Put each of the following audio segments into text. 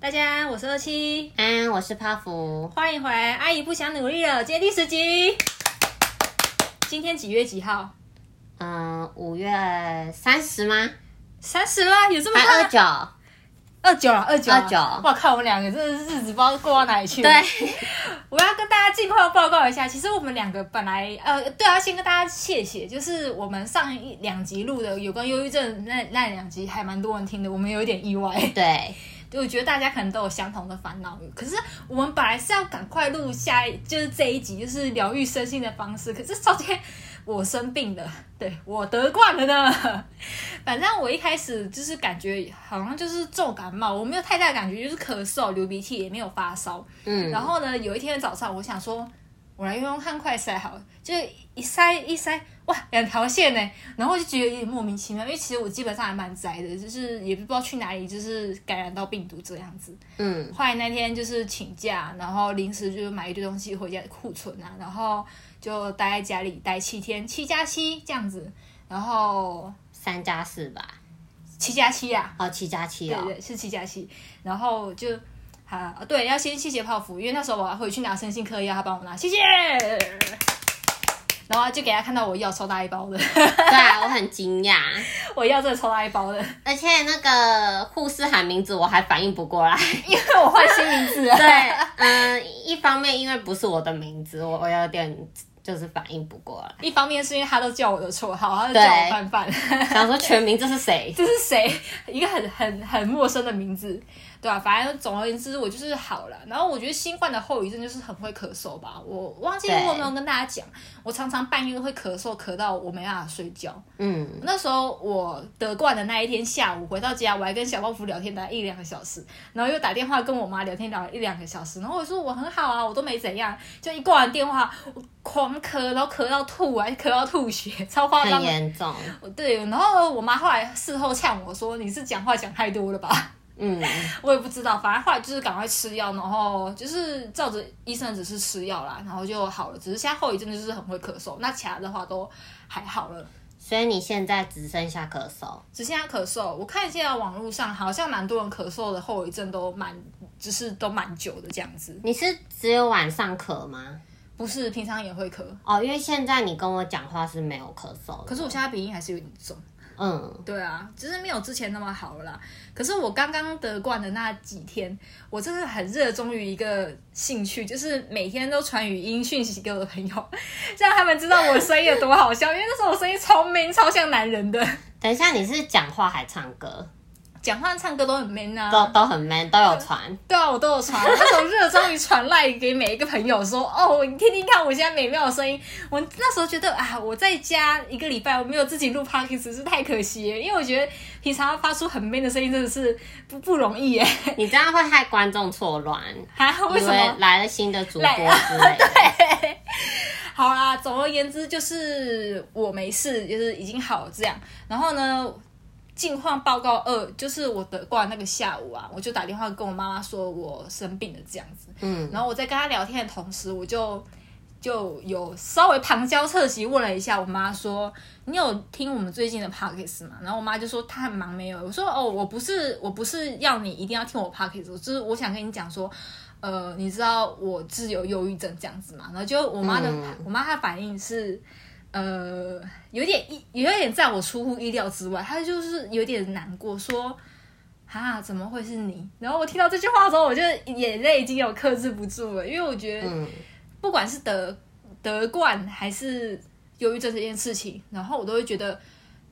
大家，我是二七，嗯，我是泡芙。歡迎回來。阿姨不想努力了，今天第十集。 今天幾月幾號？嗯，五月三十嗎？三十嗎？有這麼快？二九還 29?，二九啊二九，二九。哇靠，看我們兩個真的是日子，不知道過到哪裡去。 對， 我要跟大家近況報告一下。其實我們兩個本來，呃，對啊，先跟大家謝謝，就是我們上一兩集錄的有關憂鬱症那那兩集，還蠻多人聽的，我們有一點意外。對。就我覺得大家可能都有相同的煩惱，可是我們本來是要趕快錄下一就是這一集就是療癒身心的方式，可是昨天我生病了，對，我得冠了呢。反正我一開始就是感覺好像就是重感冒，我沒有太大的感覺，就是咳嗽、流鼻涕，也沒有發燒。嗯。然後呢，有一天早上，我想說，我來用用看快篩好了，就一塞一塞。哇，兩條線呢，然後就覺得有點莫名其妙，因為其實我基本上還蠻宅的，就是也不知道去哪裡，就是感染到病毒這樣子。嗯，後來那天就是請假，然後臨時就是買一堆東西回家庫存啊，然後就待在家裡待七天，七加七這樣子，然後三加四吧，七加七呀，啊，哦，七加七啊，哦，對，對對，是七加七，然後就啊，對，要先謝謝泡芙，因為那時候我回去拿身心科藥，啊，他幫我拿，謝謝。然後就給他看到我要超大一包的。 對啊，我很驚訝，我要這個超大一包的，而且那個護士喊名字，我還反應不過來， 因為我換新名字了。對，嗯、呃，一方面因為不是我的名字，我我有點就是反應不過來；一方面是因為他都叫我的綽號，他就叫我范范，想說全名這是誰？這是誰？一個很很很陌生的名字。對吧、啊？反正總而言之，我就是好了。然後我覺得新冠的後遺症就是很會咳嗽吧。我忘記我有沒有跟大家講，對我常常半夜都會咳嗽，咳到我沒辦法睡覺。嗯，那時候我得冠的那一天下午回到家，我還跟小泡芙聊天大概一兩個小時，然後又打電話跟我媽聊天聊一兩個小時。然後我說我很好啊，我都沒怎樣。就一掛完電話，我狂咳，然後咳到吐、啊，還咳到吐血，超誇張。很嚴重。對，然後我媽後來事後嗆我說：“你是講話講太多了吧？”嗯，我也不知道，反正後來就是趕快吃藥，然後就是照着醫生指示吃藥啦，然後就好了。只是現在後遺症就是很會咳嗽，那其他的話都還好了。所以你現在只剩下咳嗽？只剩下咳嗽。我看現在網絡上好像蠻多人咳嗽的後遺症都蠻，只、就是都蠻久的這樣子。你是只有晚上咳嗎？不是，平常也會咳。哦，因為現在你跟我講話是沒有咳嗽，可是我現在鼻音還是有點重。嗯，對啊，就是沒有之前那麼好了啦。可是我剛剛得冠的那幾天，我真的很熱衷於一個興趣，就是每天都傳語音訊息給我的朋友，讓他們知道我聲音有多好笑。 因為那時候我聲音超 man，超像男人的。等一下，你是講話還唱歌？講話唱歌都很 man 啊，都都很 man，都有傳、嗯。對啊，我都有傳，那種熱衷於傳賴給每一個朋友說， 哦，你聽聽看，我現在美妙的聲音。我那時候覺得啊，我在家一個禮拜我沒有自己錄 podcast 真是太可惜，因為我覺得平常要發出很 man 的聲音真的是不不容易哎。你這樣會害觀眾錯亂，哈？為什麼？因為來了新的主播之類的？ 對，好啦，總而言之就是我沒事，就是已經好這樣。然後呢？近況報告二，就是我得卦那個下午啊，我就打電話跟我媽媽說我生病了這樣子，嗯，然後我在跟她聊天的同時，我就就有稍微旁敲側擊問了一下我媽說，你有聽我們最近的 podcast 嗎？然後我媽就說她很忙，沒有。我說哦，我不是，我不是要你一定要聽我 podcast，我就是我想跟你講說，呃，你知道我自有憂鬱症這樣子嘛？然後就我媽的、嗯、我媽她反應是。呃，有點意，有點在我出乎意料之外，他就是有點難過，說啊，怎麼會是你？然後我聽到這句話的時候，我就眼淚已經有克制不住了，因為我覺得，不管是得、嗯、得冠還是憂鬱症這件事情，然後我都會覺得。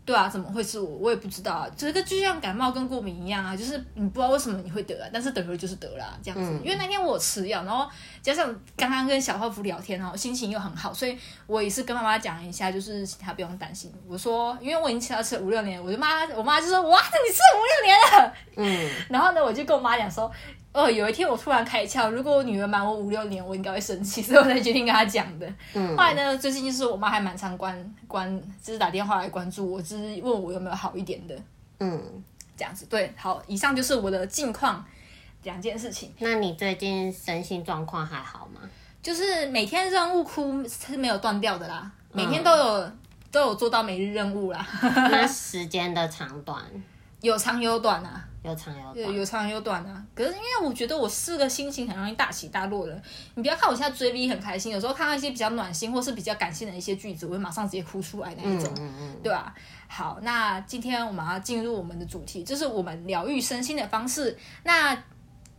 對啊，怎麼會是我？我也不知道啊，就是就像感冒跟過敏一樣啊，就是你不知道為什麼你會得啊，但是等於就是得了啊，這樣子。嗯，因為那天我吃藥，然後加上剛剛跟小泡芙聊天，然後心情又很好，所以我也是跟媽媽講一下，就是她不用擔心。我說，因為我已經吃了吃五六年，我就媽我媽就說哇，那你吃了五六年了。嗯，然後呢，我就跟我媽講說。哦，有一天我突然開竅，如果我女兒瞞我五六年，我應該會生氣，所以我才決定跟她講的。嗯，後來呢，最近就是我媽還蠻常關關，只、就是打電話來關注我，只、就是問我有沒有好一點的。嗯，這樣子對。好，以上就是我的近況，兩件事情。那你最近身心狀況還好嗎？就是每天任務哭是沒有斷掉的啦，每天都有、嗯、都有做到每日任務啦。 那時間的長短有長有短啊。有長有有長有短啊，可是因為我覺得我是個心情很容易大起大落的，你不要看我現在追劇很開心，有時候看到一些比較暖心或是比較感性的一些句子，我會馬上直接哭出來那一種，嗯嗯嗯對吧、啊。好，那今天我們要進入我們的主題，就是我們療癒身心的方式。那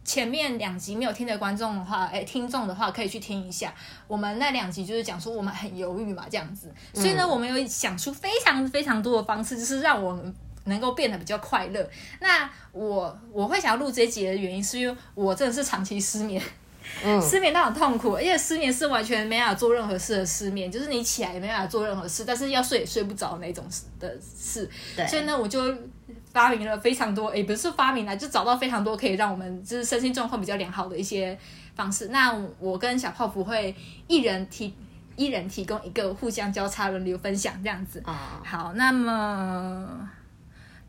前面兩集沒有聽的觀眾的話，哎、欸，聽眾的話可以去聽一下，我們那兩集就是講說我們很猶豫嘛，這樣子，所以呢，嗯、我們有想出非常非常多的方式，就是讓我們。能夠變得比較快樂。那我我會想要錄這一集的原因，是因為我真的是長期失眠，嗯、失眠那很痛苦，因為失眠是完全沒法做任何事的失眠，就是你起來也沒辦法做任何事，但是要睡也睡不着那種的事。對所以呢，我就發明了非常多，也、欸、不是發明了，就找到非常多可以讓我們就是身心狀況比較良好的一些方式。那我跟小泡芙會一人提，一人提供一個互相交叉輪流分享這樣子。啊、嗯，好，那麼，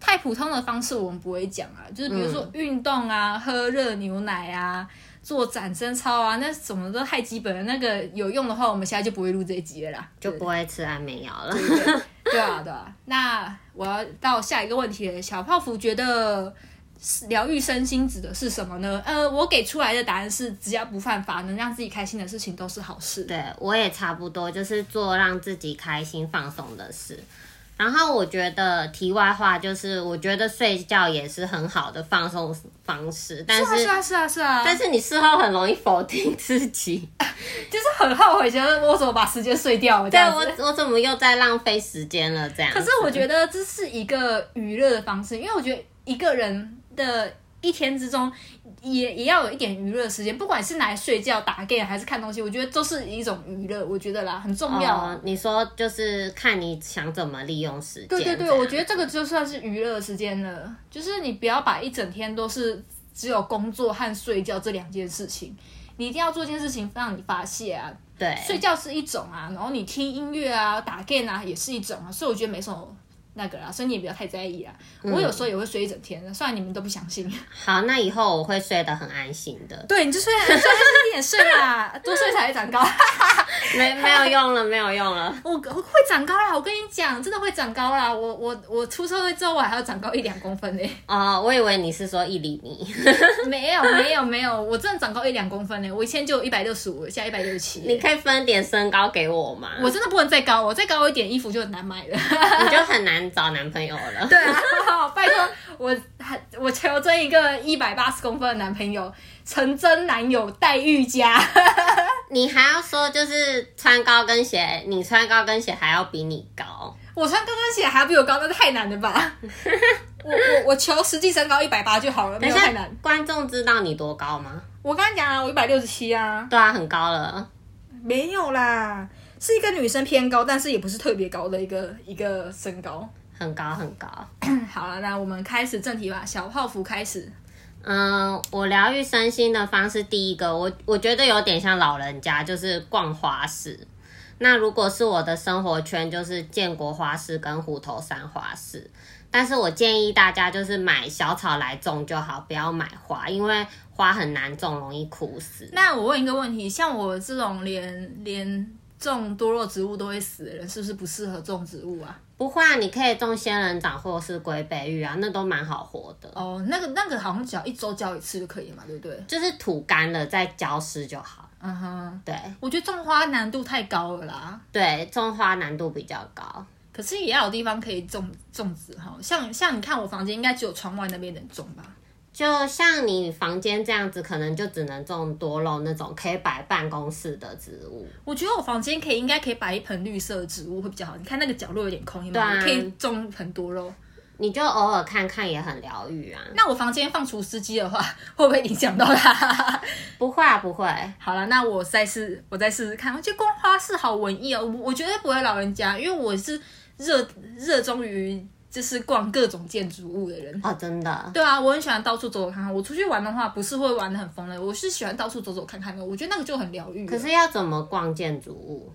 太普通的方式我們不會講啊，就是比如說運動啊、嗯、喝熱牛奶啊、做展身操啊，那什麼都太基本了。那個有用的話，我們現在就不會錄這一集了啦，對不對？就不會吃安眠藥了。對啊，對啊。那我要到下一個問題了。小泡芙覺得，療癒身心指的是什麼呢？呃，我給出來的答案是，只要不犯法，能讓自己開心的事情都是好事。對，我也差不多，就是做讓自己開心、放鬆的事。然後我覺得題外話就是，我覺得睡覺也是很好的放鬆方式，是啊，但是是啊是啊是啊，但是你事後很容易否定自己，啊，就是很後悔，覺得我怎麼把時間睡掉了？對，我我怎麼又在浪費時間了？這樣。可是我覺得這是一個娛樂的方式，因為我覺得一個人的。一天之中也也要有一點娛樂時間，不管是來睡覺、打 g ain, 還是看東西，我覺得都是一種娛樂，我覺得啦，很重要。哦、你說就是看你想怎麼利用時間。對對對，樣我覺得這個就算是娛樂時間了，就是你不要把一整天都是只有工作和睡覺這兩件事情，你一定要做件事情讓你發洩啊。對，睡覺是一種啊，然後你聽音樂啊、打 g 啊也是一種啊，所以我覺得沒什麼。那個啦，所以你也不要太在意啊。嗯、我有時候也會睡一整天，雖然你們都不相信。好，那以後我會睡得很安心的。 對，你就睡，多睡一點睡吧，多睡才會長高。嗯、 沒沒有用了，沒有用了。我，我會長高啦，我跟你講，真的會長高啦。我我我出社會之後，我還要長高一兩公分呢、欸。哦，uh, 我以為你是說一厘米。 沒有沒有沒有，我真的長高一兩公分呢、欸。我以前就一百六十五，現在一百六十七。你可以分點身高給我嗎？我真的不能再高，我再高一點衣服就很難買了。 你就很難。找男朋友了，對啊，拜托我，我求這一個一百八十公分的男朋友，成真男友戴玉佳。 你還要說就是穿高跟鞋，你穿高跟鞋還要比你高，我穿高跟鞋還要比我高，那太難了吧？ 我我我求實際身高一百八就好了，沒有太難。觀眾知道你多高嗎？我剛剛講了，我一百六十七啊，對啊，很高了，沒有啦。是一個女生偏高，但是也不是特別高的一個一個身高，很高很高。 好了，那我們開始正題吧，小泡芙開始。嗯，我療癒身心的方式，第一個，我我覺得有點像老人家，就是逛花市。那如果是我的生活圈，就是建國花市跟虎頭山花市。但是我建議大家就是買小草來種就好，不要買花，因為花很難種，容易枯死。那我問一個問題，像我這種連連種多肉植物都會死的人是不是不適合種植物啊？不會、啊，你可以種仙人掌或者是龜背芋啊，那都蠻好活的。哦，oh, 那個那個好像只要一周澆一次就可以嘛，對不對？就是土乾了再澆濕就好。嗯哼、uh，huh. 對。我覺得種花難度太高了啦。對，種花難度比較高，可是也有地方可以種種植哈，像像你看我房間，應該只有窗外那邊能種吧。就像你房間這樣子，可能就只能種多肉、那種可以擺辦公室的植物。我覺得我房間可以，應該可以擺一盆綠色的植物會比較好。你看那個角落有點空有沒有？對、啊、可以種很多肉，你就偶爾看看也很療癒啊。那我房間放除濕機的話，會不會影響到它？ 不會啊，不會。好了，那我再試，我再試試看。我覺得光花式好文藝哦。喔，我覺得不會老人家，因為我是熱熱衷於就是逛各種建築物的人啊、哦，真的。對啊，我很喜歡到處走走看看。我出去玩的話，不是會玩得很瘋的，我是喜歡到處走走看看的。我覺得那個就很療癒。可是要怎麼逛建築物？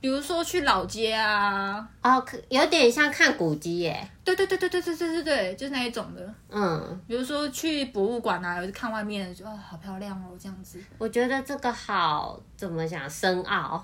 比如說去老街啊、哦，有點像看古蹟耶、欸。對對對對對對對對對，就是那一種的。嗯，比如說去博物館啊，或者看外面就，說哦，好漂亮哦，這樣子。我覺得這個好，怎麼講，深奧。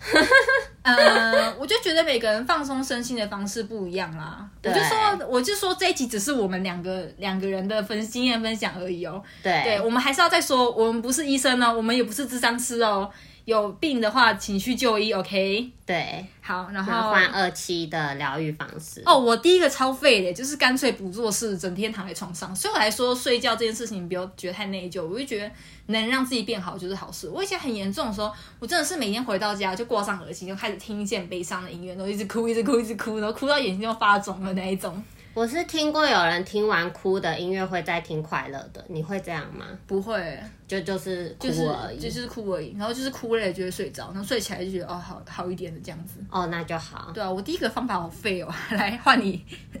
嗯，我就覺得每個人放鬆身心的方式不一樣啦。對我就說，我就說這一集只是我們兩個兩個人的分經驗分享而已哦。對，對我們還是要再說，我們不是醫生呢、哦，我們也不是諮商師哦。有病的話，請去就醫。OK，對，好，然後，然後換二期的療癒方式。哦，我第一個超廢的，就是乾脆不做事，整天躺在床上。所以我來說，我還說睡覺這件事情，不要覺得太內疚。我就覺得能讓自己變好就是好事。我以前很嚴重的時候，我真的是每天回到家就掛上耳機，就開始聽一些悲傷的音樂，然後一直，哭一直哭，一直哭，一直哭，然後哭到眼睛就發腫了那一種。我是聽過有人聽完哭的音樂會再聽快樂的，你會這樣嗎？不會，就就是哭而已，就是，就是哭而已，然後就是哭累了也就會睡着，然後睡起來就覺得哦，好好一點的這樣子。哦，那就好。對啊，我第一個方法好廢哦，來，換你。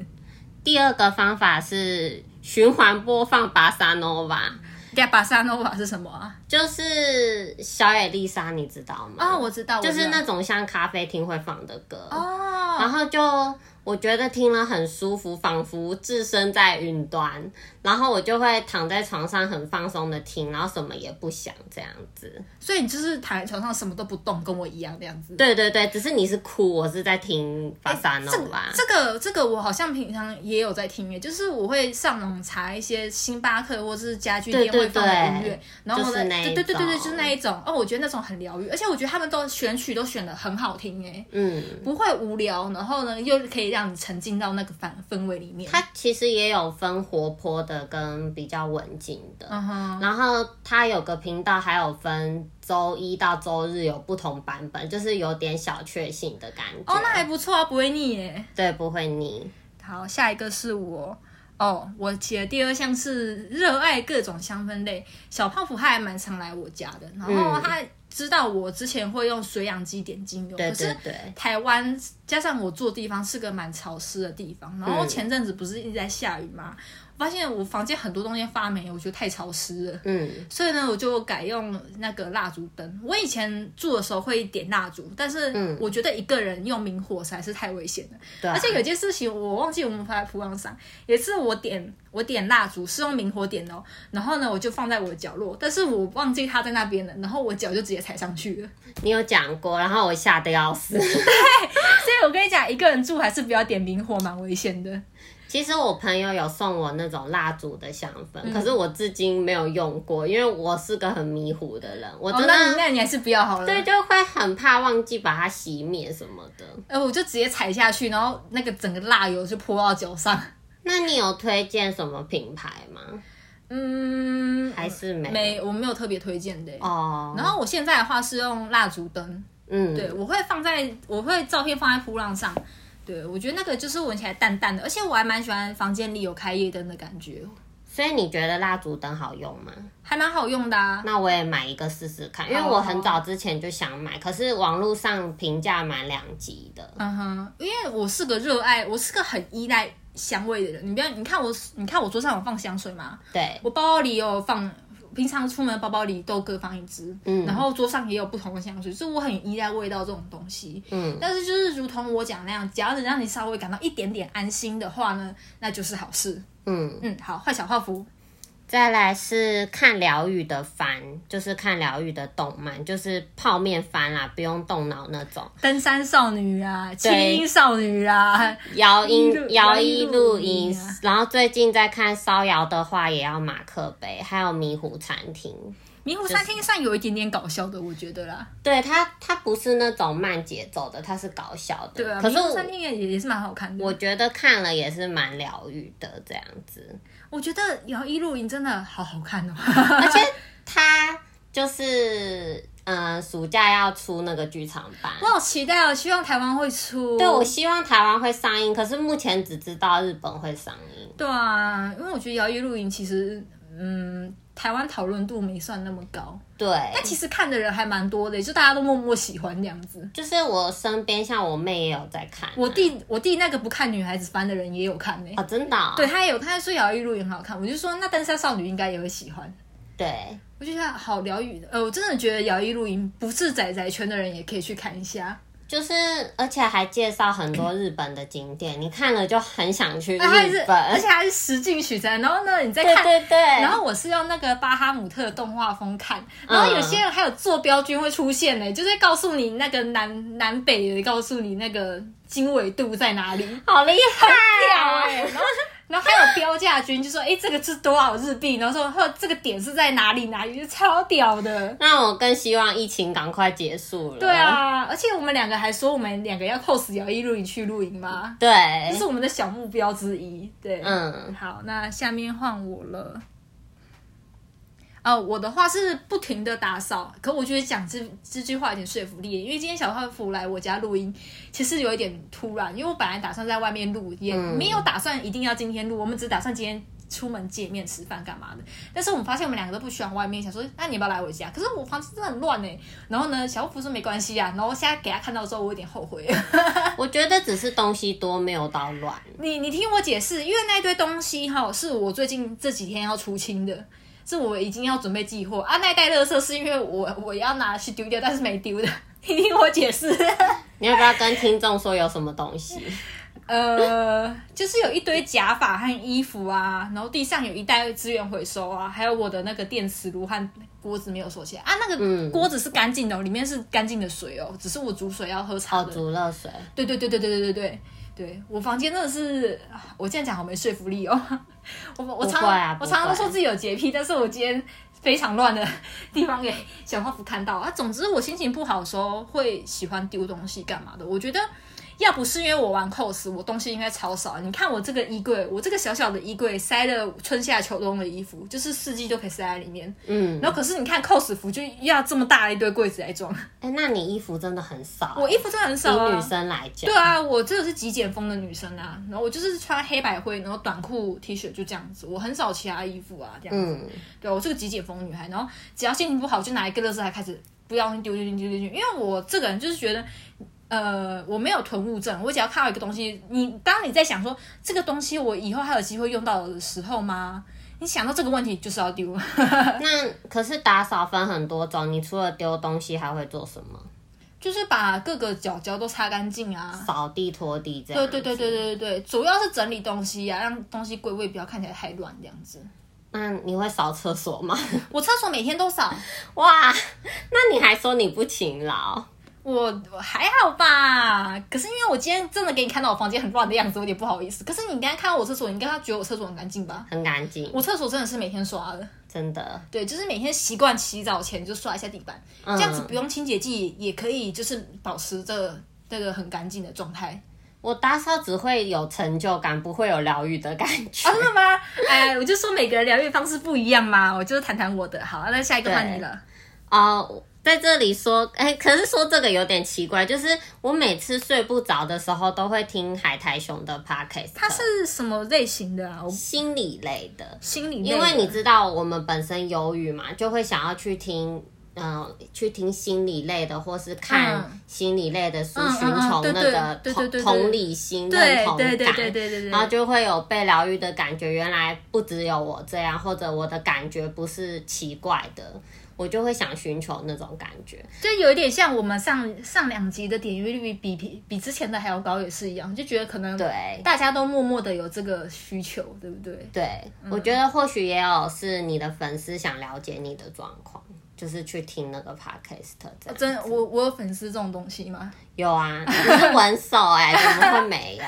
第二個方法是循環播放《巴薩諾瓦》。對，《巴薩諾瓦》是什麼？就是小野麗莎，你知道嗎？啊、哦，我知道，就是那種像咖啡廳會放的歌哦。然後就。我覺得聽了很舒服，仿佛置身在雲端。然後我就會躺在床上很放鬆的聽，然後什麼也不想這樣子。所以你就是躺在床上什麼都不動，跟我一樣這樣子。對對對，只是你是哭，我是在聽八三哦這個吧、這個、這個我好像平常也有在聽誒，就是我會上網查一些星巴克或者是家具店會放的音樂，對對對然後呢，對對對對對，就是那一種哦，我覺得那種很療癒，而且我覺得他們都選曲都選的很好聽誒，嗯，不會無聊，然後呢又可以讓你沉浸到那個氛氛圍裡面。它其實也有分活潑的。的跟比較文靜的，uh huh. 然後他有個頻道，還有分周一到周日有不同版本，就是有點小確幸的感覺。哦，oh, 那還不錯啊，不會膩耶。對，不會膩。好，下一個是我哦，oh, 我寫的第二項是熱愛各種香氛類。小泡芙還蠻常來我家的，然後他知道我之前會用水氧機點精油，嗯、對對對，可是台灣加上我住的地方是個蠻潮濕的地方，然後前陣子不是一直在下雨嗎？嗯發現我房間很多東西發霉，我覺得太潮濕了。嗯，所以呢，我就改用那個蠟燭燈。我以前住的時候會點蠟燭，但是我覺得一個人用明火實在是太危險了。嗯對啊、而且有件事情我忘記我們發在噗浪上，也是我點我點蠟燭是用明火點哦、喔。然後呢，我就放在我的角落，但是我忘記它在那邊了，然後我腳就直接踩上去了。你有講過，然後我嚇得要死。 對，所以我跟你講，一個人住還是不要點明火，蠻危險的。其實我朋友有送我那種蠟燭的香氛，嗯、可是我至今沒有用過，因為我是個很迷糊的人。我、哦、那容那你還是不要好了，對，就會很怕忘記把它熄滅什麼的、呃。我就直接踩下去，然後那個整個蠟油就潑到腳上。那你有推薦什麼品牌嗎？嗯，還是沒，沒，我沒有特別推薦的、欸、哦。然後我現在的話是用蠟燭燈，嗯，對，我會放在，我會照片放在噗浪上。對，我覺得那個就是聞起來淡淡的，而且我還蠻喜歡房間裡有開夜燈的感覺。所以你覺得蠟燭燈好用嗎？還蠻好用的啊，那我也買一個試試看因，啊，因為我很早之前就想買，可是網絡上評價蠻兩極的。嗯哼，因為我是個熱愛，我是個很依賴香味的人。你不要，你看我，你看我桌上有放香水嗎？對，我包裡有放。平常出門包包裡都各放一支，嗯、然後桌上也有不同的香水，所以我很依賴味道這種東西，嗯、但是就是如同我講那樣，只要能讓你稍微感到一點點安心的話呢，那就是好事，嗯嗯。好，換小泡芙。再來是看療癒的番，就是看療癒的動漫，就是泡面番啦，不用動腦那種。登山少女啊，輕音對少女啊，搖曳搖曳露營。然後最近在看燒窯的話，也要馬克杯，還有迷糊餐廳。迷糊餐廳算、就是、有一點點搞笑的，我覺得啦。就是、對，它它不是那種慢節奏的，它是搞笑的。對、啊，可是迷糊餐廳也也是蠻好看的。我覺得看了也是蠻療癒的，這樣子。我覺得《搖曳露營》真的好好看哦，而且它就是嗯、呃，暑假要出那個劇場版，我好期待哦！希望台灣會出，對，我希望台灣會上映，可是目前只知道日本會上映。對啊，因為我覺得《搖曳露營》其實嗯。台灣討論度沒算那麼高，對，但其實看的人還蠻多的，就大家都默默喜歡這樣子。就是我身邊，像我妹也有在看，啊，我弟我弟那個不看女孩子番的人也有看呢、欸。哦，真的，哦，對他也有，他還說《搖曳露營》很好看，我就說那《登山少女》應該也會喜歡，對，我就覺得好療癒的，呃，我真的覺得《搖曳露營》不是宅宅圈的人也可以去看一下。就是，而且還介紹很多日本的景點， 你看了就很想去日本。是而且還是實景取材，然後呢，你再看。對對對。然後我是用那個巴哈姆特動畫瘋看，然後有些人還有坐標君會出現呢、欸，嗯、就是告訴你那個南南北的，告訴你那個經緯度在哪裡。好厲害、欸！然後。 然後還有標價君就說：“誒這個是多少日幣？”然後說：“呵，這個點是在哪裡？哪裡？超屌的。”那我更希望疫情趕快結束了。對啊，而且我們兩個還說我們兩個要 POS 搖一露營去露營吧？對，這是我們的小目標之一。對，嗯，好，那下面換我了。哦、我的話是不停的打掃，可我覺得講這這句話有點說服力，因為今天小泡芙來我家錄音，其實有一點突然，因為我本來打算在外面錄，也沒有打算一定要今天錄，我們只打算今天出門見面吃飯幹嘛的，但是我們發現我們兩個都不喜歡外面，想說那、啊、你要不要來我家？可是我房子真的很亂哎，然後呢，小泡芙說沒關係啊，然後我現在給他看到之後，我有點後悔。我覺得只是東西多沒有到亂， 你你聽我解釋，因為那堆東西哈是我最近這幾天要出清的。是我已經要準備寄貨啊，那一袋樂色是因為我我要拿去丟掉，但是沒丟的。你聽我解釋。你要不要跟聽眾說有什麼東西？嗯、呃， 就是有一堆假髮和衣服啊，然後地上有一袋資源回收啊，還有我的那個電磁爐和鍋子沒有鎖起來啊，那個鍋子是乾淨的，哦，嗯、裡面是乾淨的水哦，只是我煮水要喝茶。好，哦，煮熱水。對對對對對對對對。對我房間真的是，我這樣講好沒說服力哦。我我常,常、啊啊、我常常說自己有潔癖，但是我今天非常亂的地方給小泡芙看到啊。總之我心情不好的時候會喜歡丟東西幹嘛的，我覺得。要不是因為我玩 cos，我東西應該超少啊。你看我這個衣櫃，我這個小小的衣櫃塞了春夏秋冬的衣服，就是四季都可以塞在裡面。嗯，然後可是你看 cos 服就要這麼大的一堆櫃子來裝。哎，那你衣服真的很少啊。我衣服真的很少啊。以女生來講，對啊，我這個是極簡風的女生啊。然後我就是穿黑白灰，然後短褲 T 恤就這樣子，我很少其他衣服啊，這樣子。嗯，對，我是個極簡風女孩。然後只要心情不好，就拿一個垃圾袋開始，不要丟丢丢丢丢丢，因為我這個人就是覺得。呃，我沒有囤物症，我只要看到一個東西，你當你在想說這個東西我以後還有機會用到的時候嗎？你想到這個問題就是要丟。呵呵。那可是打掃分很多種，你除了丟東西還會做什麼？就是把各個角角都擦乾淨啊，掃地拖地這樣。對對對對對對對，主要是整理東西啊，讓東西歸位，不要看起來太亂這樣子。那你會掃廁所嗎？我廁所每天都掃。哇，那你還說你不勤勞？我我還好吧，可是因為我今天真的給你看到我房間很亂的樣子，我有點不好意思。可是你剛剛看到我廁所，你剛剛覺得我廁所很乾淨吧？很乾淨，我廁所真的是每天刷的，真的。對，就是每天習慣洗澡前就刷一下地板，嗯、這樣子不用清潔劑也可以，就是保持這個這個很乾淨的狀態。我打掃只會有成就感，不會有療癒的感覺。真的、 啊、嗎？哎，我就說每個人療癒方式不一樣嘛，我就是談談我的。好，那下一個換你了。啊。Uh, 在這裡說、欸，可是說這個有點奇怪，就是我每次睡不着的時候都會聽海苔熊的 Podcast，它是什麼類型的、啊？心理類的，心理類。因為你知道我們本身憂鬱嘛，就會想要去聽，嗯、呃，去聽心理類的，或是看心理類的書，尋求那個同同理心、認同感，然後就會有被療癒的感覺。原來不只有我這樣，或者我的感覺不是奇怪的。我就會想尋求那種感覺，就有一點像我們上上兩集的點閱率比比比之前的還要高，也是一樣，就覺得可能對大家都默默的有這個需求，對不對？對，嗯、我覺得或許也有是你的粉絲想了解你的狀況，就是去聽那個 podcast。哦，真的我我有粉絲這種東西嗎？有啊，是玩手哎、欸， 怎麼會沒有？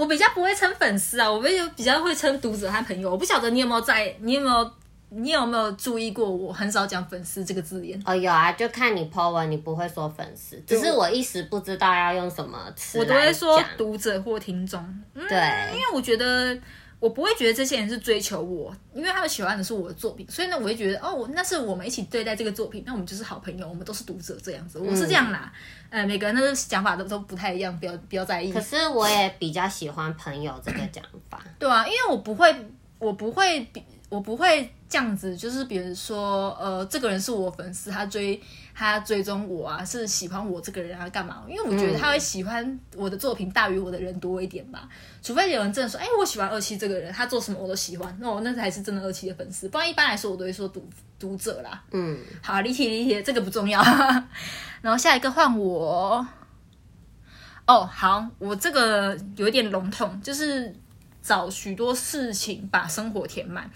我比較不會稱粉絲啊，我比較比較會稱讀者和朋友。我不曉得你有沒有在，你有沒有？你有沒有注意過？我很少講“粉絲”這個字眼。哦，有啊，就看你 po 文，你不會說粉絲，只是我一時不知道要用什麼詞來講。我都會說讀者或聽眾。嗯、對，因為我覺得我不會覺得這些人是追求我，因為他們喜歡的是我的作品，所以呢、哦，我會覺得哦，那是我們一起對待這個作品，那我們就是好朋友，我們都是讀者這樣子。我是這樣啦，嗯、呃，每個人的想法都都不太一樣，不要不要在意。可是我也比較喜歡“朋友”這個講法。 對啊，因為我不會，我不會，我不會。這樣子就是，比如說，呃，這個人是我粉絲，他追他追蹤我啊，是喜歡我這個人他幹嘛？因為我覺得他會喜歡我的作品大於我的人多一點吧。嗯、除非有人真的說，哎、欸，我喜歡二七這個人，他做什麼我都喜歡，哦、那我那才是真的二七的粉絲。不然一般來說，我都會說讀，讀者啦。嗯，好、啊，理解理解，這個不重要。 然後下一個換我。哦，好，我這個有一點籠統，就是。找許多事情把生活填滿，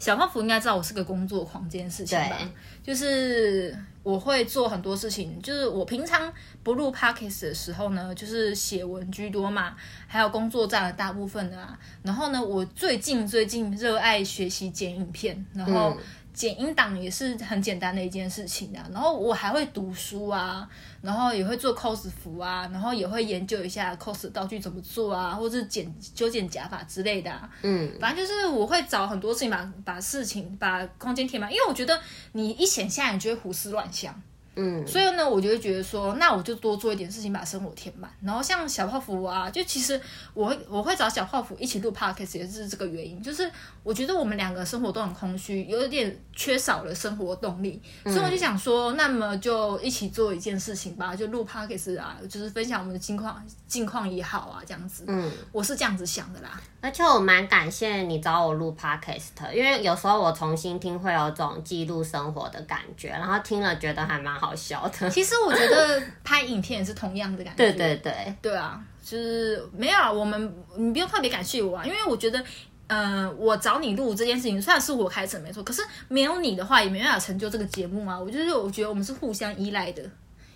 小泡芙應該知道我是個工作狂這件事情吧？對就是我會做很多事情，就是我平常不錄 Podcast 的時候呢，就是寫文居多嘛，還有工作佔了大部分的啊。然後呢，我最近最近熱愛學習剪影片，然後、嗯。剪音檔也是很簡單的一件事情啊，然後我還會讀書啊，然後也會做 cos 服啊，然後也會研究一下 cos 道具怎麼做啊，或者是剪修剪假髮之類的啊。嗯，反正就是我會找很多事情把把事情把空間填滿，因為我覺得你一閒下來你就會胡思亂想。嗯，所以呢，我就會覺得說，那我就多做一點事情，把生活填滿。然後像小泡芙啊，就其實我會我會找小泡芙一起錄 podcast，也是這個原因，就是我覺得我們兩個生活都很空虛，有一點缺少了生活動力，所以我就想說，嗯、那麼就一起做一件事情吧，就錄 podcast 啊，就是分享我們的近況近況也好啊，這樣子。嗯，我是這樣子想的啦。而且我蠻感謝你找我錄 podcast 的，因為有時候我重新聽會有種記錄生活的感覺，然後聽了覺得還蠻好好笑的，其實我覺得拍影片，也是同樣的感覺。 對對對，對啊，就是沒有啊。我們你不用特別感謝我、啊，因為我覺得，嗯、呃，我找你錄這件事情算是我開始沒錯，可是沒有你的話也沒辦法成就這個節目啊。我就是我覺得我們是互相依賴的，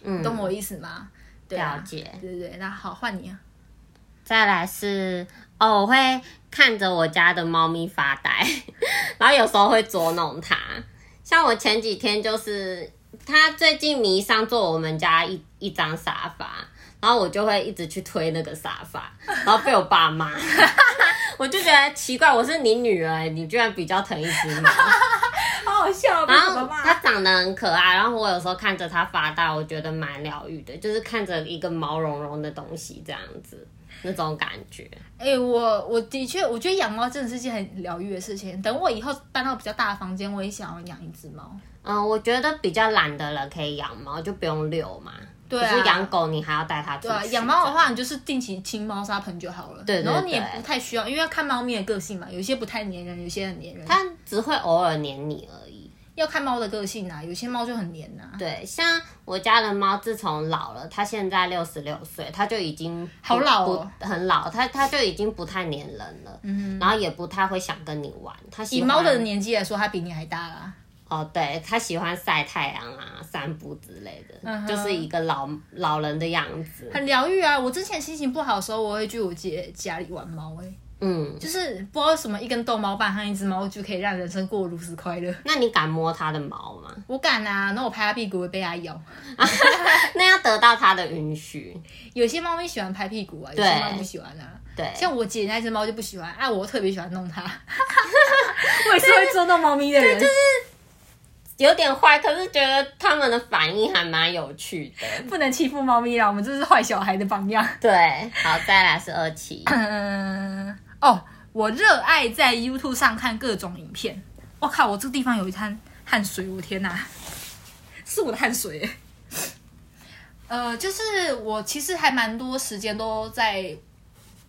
嗯、你懂我意思嗎？對啊、了解，對對對。那好，換你啊。再來是哦，我會看着我家的貓咪發呆， 然後有時候會捉弄它。像我前幾天就是。他最近迷上坐我們家一一張沙發，然後我就會一直去推那個沙發，然後被我爸媽， 我就覺得奇怪，我是你女兒，你居然比較疼一隻貓，好好笑。然後它長得很可愛，然後我有時候看着她發呆，我覺得蠻療癒的，就是看着一個毛茸茸的東西這樣子，那種感覺。哎、欸，我我的確，我覺得養貓真的是件很療癒的事情。等我以後搬到比較大的房間，我也想要養一隻貓。嗯，我覺得比較懶的人可以養貓，就不用遛嘛。對啊。可是養狗你還要帶它出去。對啊，養貓的話，你就是定期清貓砂盆就好了。對，對，對。然後你也不太需要，因為要看貓咪的個性嘛。有些不太粘人，有些很粘人。它只會偶爾粘你而已。要看貓的個性啊，有些貓就很粘啊。對，像我家的貓，自從老了，它現在六十六歲，它就已經好老哦，很老。它它就已經不太粘人了。嗯哼。然後也不太會想跟你玩。它以貓的年紀來說，它比你還大啦。哦，oh, 對，他喜歡曬太陽啊、散步之類的，uh huh. 就是一個老老人的樣子，很療癒啊。我之前心情不好的時候，我會去我姐家裡玩貓、欸，哎，嗯，就是不知道為什麼一根逗貓棒和一隻貓就可以讓人生過得如此快樂。那你敢摸它的毛嗎？我敢啊，那我拍它屁股，會被它咬。 那要得到它的允許。有些貓咪喜歡拍屁股啊，對有些貓不喜歡啊。對，像我姐那隻貓就不喜歡，啊。我特別喜歡弄它。 我也是說 對會捉弄貓咪的人，就是。有點壞，可是覺得他們的反應還蠻有趣的。不能欺負貓咪了，我們這是壞小孩的榜樣。對，好，再來是27。嗯、哦，我熱愛在 YouTube 上看各種影片。我、哦、靠，我這個地方有一灘汗水，我天哪，是我的汗水。嗯、呃，就是我其實還蠻多時間都在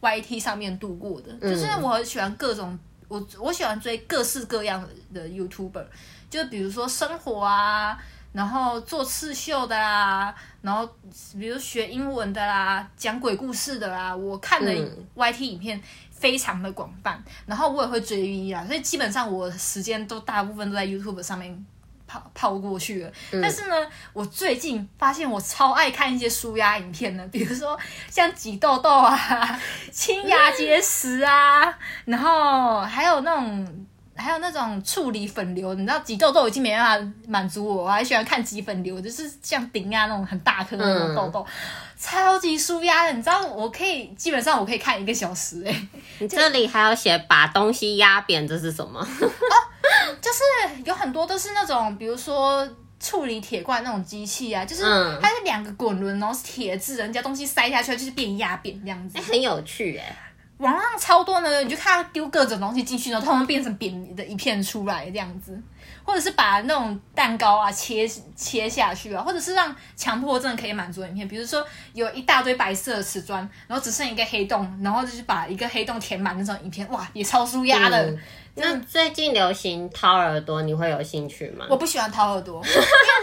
YT 上面度過的，就是我很喜歡各種。我我喜歡追各式各樣的，的 YouTuber，就比如說生活啊，然後做刺繡的啦，啊，然後比如學英文的啦，啊，講鬼故事的啦，啊，我看的 YT 影片非常的廣泛，嗯、然後我也會追 V 啊，所以基本上我時間都大部分都在 YouTube 上面。跑，跑過去了，但是呢，嗯、我最近發現我超愛看一些舒壓影片呢，比如說像擠痘痘啊、清牙結石啊，嗯、然後還有那種還有那種處理粉瘤，你知道擠痘痘已經沒辦法滿足我，我還喜歡看擠粉瘤，就是像頂牙、啊、那種很大顆的那種痘痘，嗯、超級舒壓的，你知道我可以基本上我可以看一個小時哎、欸，你這裡還要寫把東西壓扁，這是什麼？ 就是有很多都是那種，比如說處理鐵罐那種機器啊，就是它是兩個滾輪，然後是鐵製，人家東西塞下去就是變壓扁這樣子。欸，很有趣哎，欸，網上超多呢，你就看他丟各種東西進去，然後它們變成扁的一片出來這樣子，或者是把那種蛋糕啊切切下去啊，或者是讓強迫症可以滿足的影片，比如說有一大堆白色的瓷磚，然後只剩一個黑洞，然後就是把一個黑洞填滿那種影片，哇，也超舒壓的。嗯嗯、那最近流行掏耳朵，你會有興趣嗎？我不喜歡掏耳朵， 因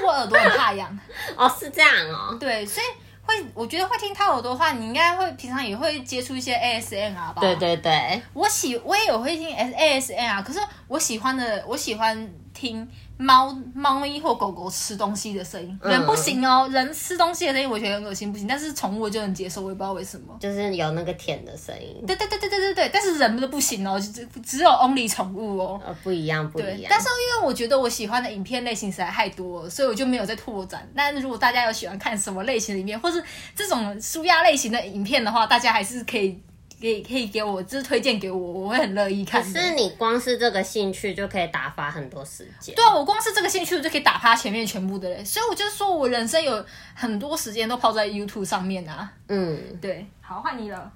為我耳朵很怕癢。 哦，是這樣哦。對，所以會，我覺得會聽掏耳朵的話，你應該會平常也會接觸一些 ASMR 吧。對對對，我喜我也有會聽 ASMR，可是我喜歡的，我喜歡聽。貓貓咪或狗狗吃東西的聲音，人不行哦，嗯、人吃東西的聲音我覺得很噁心，不行。但是寵物就能接受，我也不知道為什麼，就是有那個舔的聲音。對對對對對對對，但是人都不行哦，只只有 only 寵物哦，哦，不一樣不一樣。但是因為我覺得我喜歡的影片類型實在太多了，所以我就沒有再拓展。那如果大家有喜歡看什麼類型的影片，或是這種舒壓類型的影片的話，大家還是可以。可以可以給我，就是推薦給我，我會很樂意看的。可是你光是這個興趣就可以打發很多時間。對啊，我光是這個興趣就可以打發前面全部的嘞。所以我就是說我人生有很多時間都泡在 YouTube 上面啊。嗯，對。好，換你了。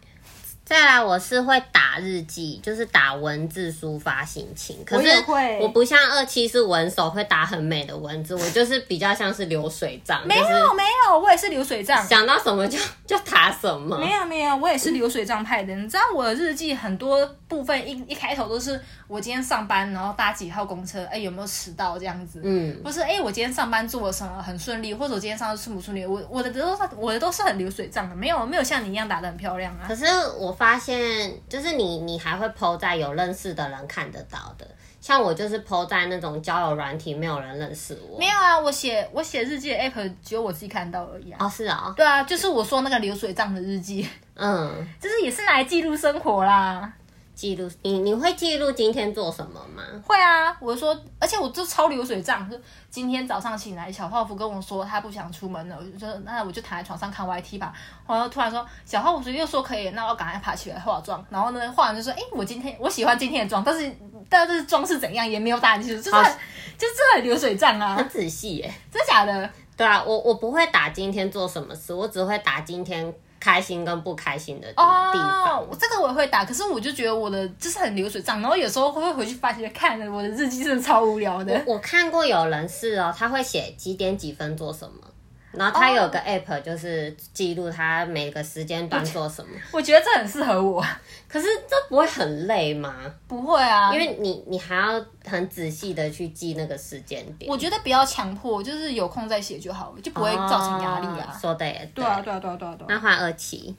下來我是會打日記，就是打文字抒發心情。我也會，可是我不像27是文手，會打很美的文字，我就是比較像是流水賬。 沒有沒有，我也是流水賬，想到什麼就就打什麼。沒有沒有，我也是流水賬派的。你知道我的日記很多部分一、嗯、一開頭都是我今天上班，然後搭幾號公車，哎、欸、有沒有遲到這樣子？嗯，不是哎、欸，我今天上班做了什麼很順利，或者我今天上班順不順利？我我的都是我的都是很流水賬的，沒有沒有像你一樣打的很漂亮啊。可是我。發現就是你，你還會 po 在有認識的人看得到的，像我就是 po 在那種交友軟體，沒有人認識我。沒有啊，我寫我寫日記的 App 只有我自己看到而已啊。哦、是啊、哦，對啊，就是我說那個流水賬的日記，嗯， 就是也是來記錄生活啦。記錄你，你會記錄今天做什麼嗎？會啊，我說，而且我就超流水賬，就今天早上醒來，小泡芙跟我說她不想出門了，我就說那我就躺在床上看 Y T 吧。然後突然說小泡芙又說可以，那我趕快爬起來化妝。然後呢，化完就說哎、欸，我今天我喜歡今天的妝，但是但是妝是怎樣也沒有打進去。就是很好就這流水賬啊，很仔細耶、欸，真假的？對啊，我我不會打今天做什麼事，我只會打今天。開心跟不開心的地方，oh, 這個我也會打，可是我就覺得我的就是很流水賬，然後有時候會回去發現，看着我的日記真的超無聊的。我，我看過有人是哦、喔，他會寫幾點幾分做什麼。然後他有個 app，就是記錄他每個時間段做什麼。我覺得這很適合我，可是這不會很累嗎？不會啊，因為你你還要很仔細的去記那個時間點。我覺得不要強迫，就是有空再寫就好了，就不會造成壓力啊。說的對啊對啊對啊對啊對啊。那換二七，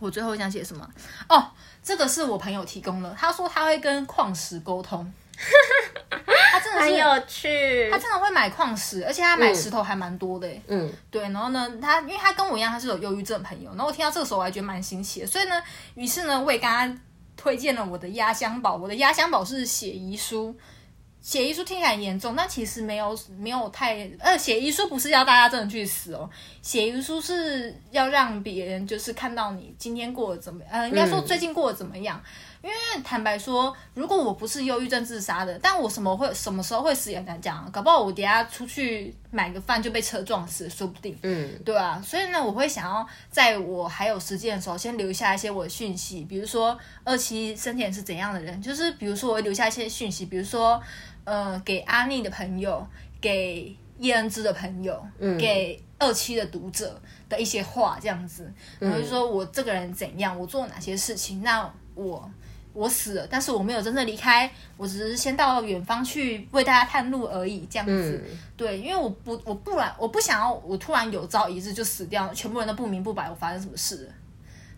我最後想寫什麼？哦，這個是我朋友提供的，他說他會跟礦石溝通。 他真的很有趣，他真的會買礦石，而且他買石頭還蠻多的、欸。嗯，對。然後呢，他因為他跟我一樣，他是有憂鬱症的朋友。然後我聽到這個時候，我還覺得蠻新奇的。所以呢，於是呢，我也跟他推薦了我的壓箱寶。我的壓箱寶是寫遺書。寫遺書聽起來很嚴重，但其實沒有沒有太呃，寫遺書不是要大家真的去死哦。寫遺書是要讓別人就是看到你今天過得怎麼，呃，應該說最近過得怎麼樣。嗯因為坦白說，如果我不是憂鬱症自殺的，但我什麼會什麼時候會死？也難講，搞不好我等下出去買個飯就被車撞死，說不定，嗯，對吧、啊？所以呢，我會想要在我還有時間的時候，先留下一些我的訊息，比如說二七生前是怎樣的人，就是比如說我留下一些訊息，比如說，嗯、呃、給阿妮的朋友，給葉恩之的朋友，嗯、給二七的讀者的一些話，這樣子，我、嗯、就說我這個人怎樣，我做了哪些事情，那我。我死了，但是我沒有真正離開，我只是先到遠方去為大家探路而已，這樣子。嗯、對，因為我不我不然我不想要我突然有朝一日就死掉，全部人都不明不白我發生什麼事。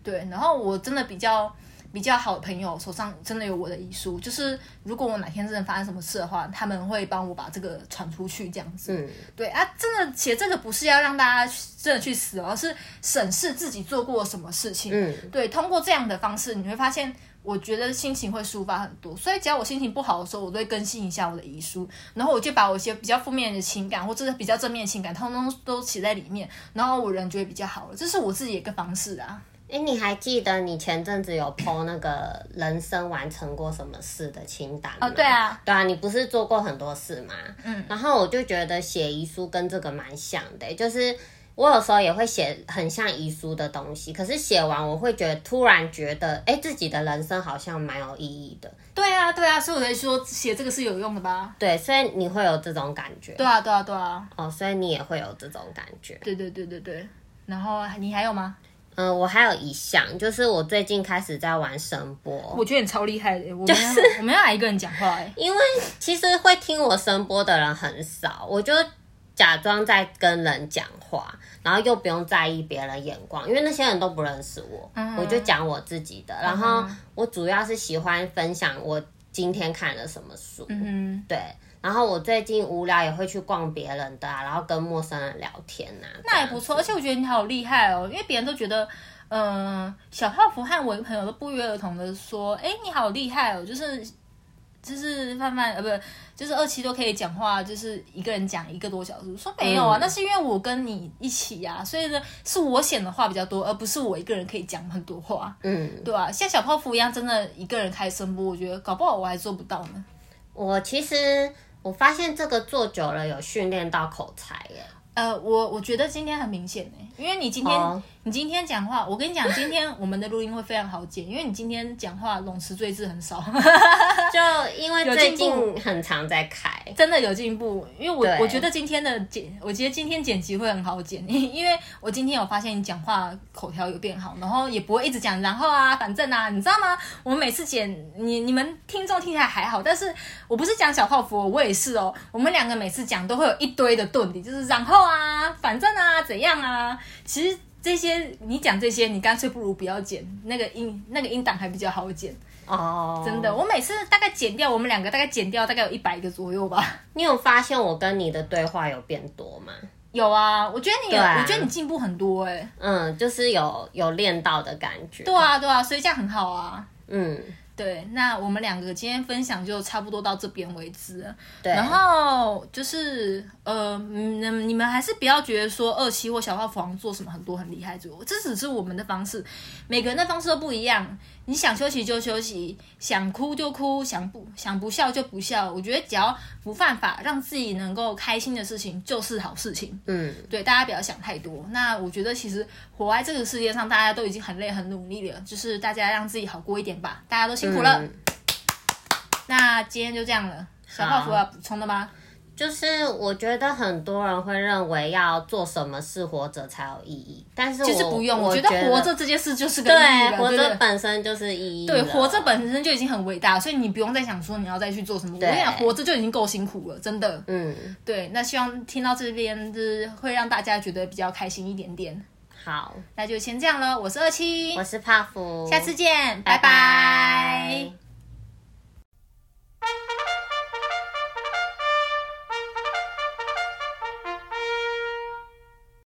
對，然後我真的比較比較好的朋友手上真的有我的遺書，就是如果我哪天真的發生什麼事的話，他們會幫我把這個傳出去，這樣子。嗯、對啊，真的，其實這個不是要讓大家真的去死，而是審視自己做過什麼事情。嗯、對，通過這樣的方式，你會發現我覺得心情會抒發很多，所以只要我心情不好的時候，我都會更新一下我的遺書，然後我就把我一些比較負面的情感或者是比較正面的情感，通通都寫在裡面，然後我人覺得比較好了，這是我自己的一個方式啊。哎，你還記得你前陣子有 po 那個人生完成過什麼事的清單嗎？哦啊，對啊，對啊，你不是做過很多事嗎？嗯，然後我就覺得寫遺書跟這個蠻像的，就是。我有時候也會寫很像遺書的東西，可是寫完我會覺得突然覺得，欸、自己的人生好像蠻有意義的。對啊，對啊，所以我才說寫這個是有用的吧？對，所以你會有這種感覺？對啊，對啊，對啊。哦，所以你也會有這種感覺？對，對，對，對，對。然後你還有嗎？嗯、呃，我還有一項，就是我最近開始在玩聲波。我覺得你超厲害的，就是我沒有一個人講話誒，因為其實會聽我聲波的人很少，我就。假裝在跟人講話，然後又不用在意別人眼光，因為那些人都不認識我，嗯、哼我就講我自己的。然後我主要是喜歡分享我今天看了什麼書，嗯哼，對。然後我最近無聊也會去逛別人的、啊，然後跟陌生人聊天啊。那也不錯，而且我覺得你好厲害哦，因為別人都覺得，嗯、呃，小泡芙和我朋友都不約而同的說，哎、欸，你好厲害哦，就是就是范范，呃，不。就是27都可以講話，就是一個人講一個多小時，說沒有啊，嗯、那是因為我跟你一起呀、啊，所以呢，是我顯得話比較多，而不是我一個人可以講很多話，嗯，對吧、啊？像小泡芙一樣，真的一個人開聲播，我覺得搞不好我還做不到呢。我其實我發現這個做久了有訓練到口才耶，呃，我我覺得今天很明顯誒，因為你今天。哦你今天講話，我跟你講，今天我們的錄音會非常好剪， 因為你今天講話冗詞贅字很少。 就因為最近很常在開 真的有進步。因為我對我覺得今天的剪，我覺得今天剪輯會很好剪，因為我今天有發現你講話口條有變好，然後也不會一直講然後啊、反正啊，你知道嗎？我們每次剪你你們聽眾聽起來還好，但是我不是講小泡芙，我也是哦。我們兩個每次講都會有一堆的頓就是然後啊、反正啊、怎樣啊，其實。這些你講這些，你乾脆不如不要剪。那個音那個音檔還比較好剪哦，oh. 真的。我每次大概剪掉我們兩個，大概剪掉大概有一百個左右吧。你有發現我跟你的對話有變多嗎？有啊，我覺得你有，啊、我覺得你進步很多哎、欸。嗯，就是有有練到的感覺。對啊，對啊，所以這樣很好啊。嗯。對，那我們兩個今天分享就差不多到這邊為止了。對，然後就是呃、嗯，你們還是不要覺得說27或小泡芙做什麼很多很厲害做，就這只是我們的方式，每個人的方式都不一樣。你想休息就休息，想哭就哭，想不想不笑就不笑。我覺得只要不犯法，讓自己能夠開心的事情就是好事情。嗯，對，大家不要想太多。那我覺得其實活在這個世界上，大家都已經很累很努力了，就是大家讓自己好過一點吧。大家都辛苦了，嗯、那今天就這樣了。小泡芙要補充的嗎？就是我覺得很多人會認為要做什麼事，活着才有意義，但是其實不用。我覺得活着這件事就是個意義，活着本身就是意義。對，活着本身就已經很偉大，所以你不用再想說你要再去做什麼。對，活着就已經夠辛苦了，真的。嗯，對。那希望聽到這邊就是會讓大家覺得比較開心一點點。好，那就先這樣了。我是二七，我是泡芙，下次見，拜拜。拜拜